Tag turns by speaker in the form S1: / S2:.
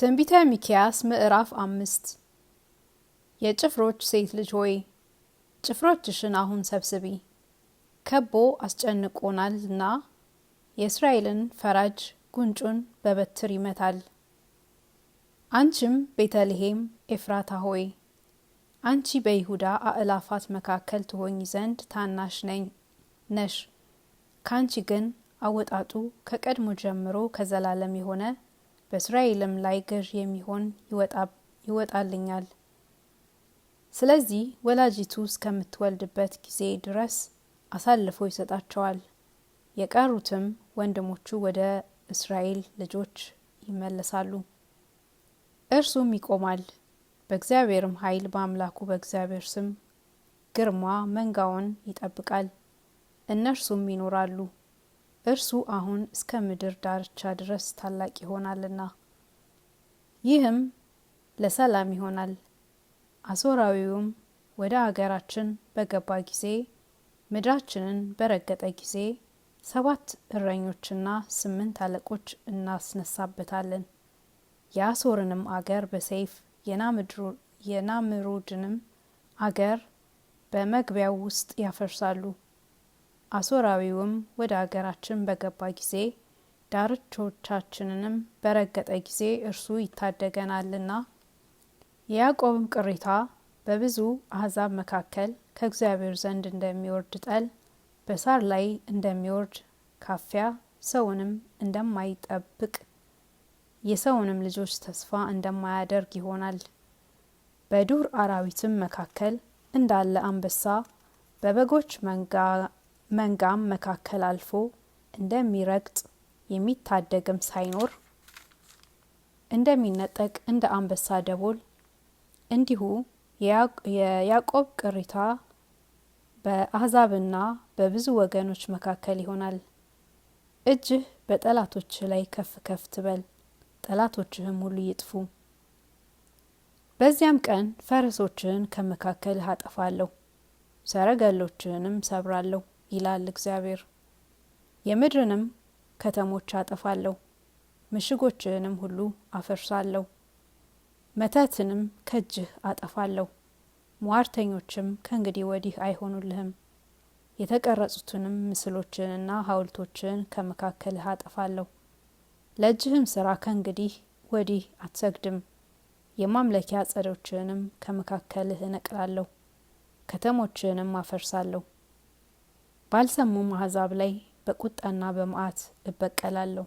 S1: ትንቢተ ሚክያስ ምዕራፍ አምስት የጭፍሮች ሴት ልጅ ሆይ ጭፍሮችሽን አሁን ሰብስቢ፣ ከቦ አስጨንቆናልና የእስራኤልን ፈራጅ ጉንጩን በበትር ይመታል። አንቺም ቤተልሔም ኤፍራታ ሆይ አንቺ በይሁዳ አእላፋት መካከል ትሆኝ ዘንድ ታናሽ ነኝ ነሽ፣ ካንቺ ግን አወጣጡ ከቀድሞ ጀምሮ ከዘላለም የሆነ በእስራኤልም ላይ ገዥ የሚሆን ይወጣልኛል። ስለዚህ ወላጂቱ እስከምትወልድበት ጊዜ ድረስ አሳልፎ ይሰጣቸዋል። የቀሩትም ወንድሞቹ ወደ እስራኤል ልጆች ይመለሳሉ። እርሱም ይቆማል። በእግዚአብሔርም ኃይል በአምላኩ በእግዚአብሔር ስም ግርማ መንጋውን ይጠብቃል። እነርሱም ይኖራሉ። እርሱ አሁን እስከ ምድር ዳርቻ ድረስ ታላቅ ይሆናልና ይህም ለሰላም ይሆናል። አሶራዊውም ወደ አገራችን በገባ ጊዜ ምድራችንን በረገጠ ጊዜ ሰባት እረኞችና ስምንት አለቆች እናስነሳበታለን። የአሶርንም አገር በሰይፍ የናምሩድንም አገር በመግቢያው ውስጥ ያፈርሳሉ። አሶራዊውም ወደ አገራችን በገባ ጊዜ ዳርቾቻችንንም በረገጠ ጊዜ እርሱ ይታደገናልና። የያዕቆብም ቅሬታ በብዙ አሕዛብ መካከል ከእግዚአብሔር ዘንድ እንደሚወርድ ጠል በሳር ላይ እንደሚወርድ ካፊያ ሰውንም እንደማይጠብቅ የሰውንም ልጆች ተስፋ እንደማያደርግ ይሆናል። በዱር አራዊትም መካከል እንዳለ አንበሳ በበጎች መንጋ መንጋም መካከል አልፎ እንደሚረግጥ የሚታደግም ሳይኖር እንደሚነጠቅ እንደ አንበሳ ደቦል እንዲሁ የያዕቆብ ቅሪታ በአሕዛብና በብዙ ወገኖች መካከል ይሆናል። እጅህ በጠላቶች ላይ ከፍ ከፍ ትበል፣ ጠላቶችህም ሁሉ ይጥፉ። በዚያም ቀን ፈረሶችህን ከመካከልህ አጠፋለሁ፣ ሰረገሎችህንም ሰብራለሁ። ይላል እግዚአብሔር። የምድርንም ከተሞች አጠፋለሁ፣ ምሽጎችህንም ሁሉ አፈርሳለሁ፣ መተትንም ከእጅህ አጠፋለሁ። ሟርተኞችም ከእንግዲህ ወዲህ አይሆኑልህም። የተቀረጹትንም ምስሎችንና ሐውልቶችን ከመካከልህ አጠፋለሁ። ለእጅህም ስራ ከእንግዲህ ወዲህ አትሰግድም። የማምለኪያ ጸዶችንም ከመካከልህ እነቅላለሁ፣ ከተሞችንም አፈርሳለሁ። ባልሰሙ አሕዛብ ላይ በቁጣና በመዓት እበቀላለሁ።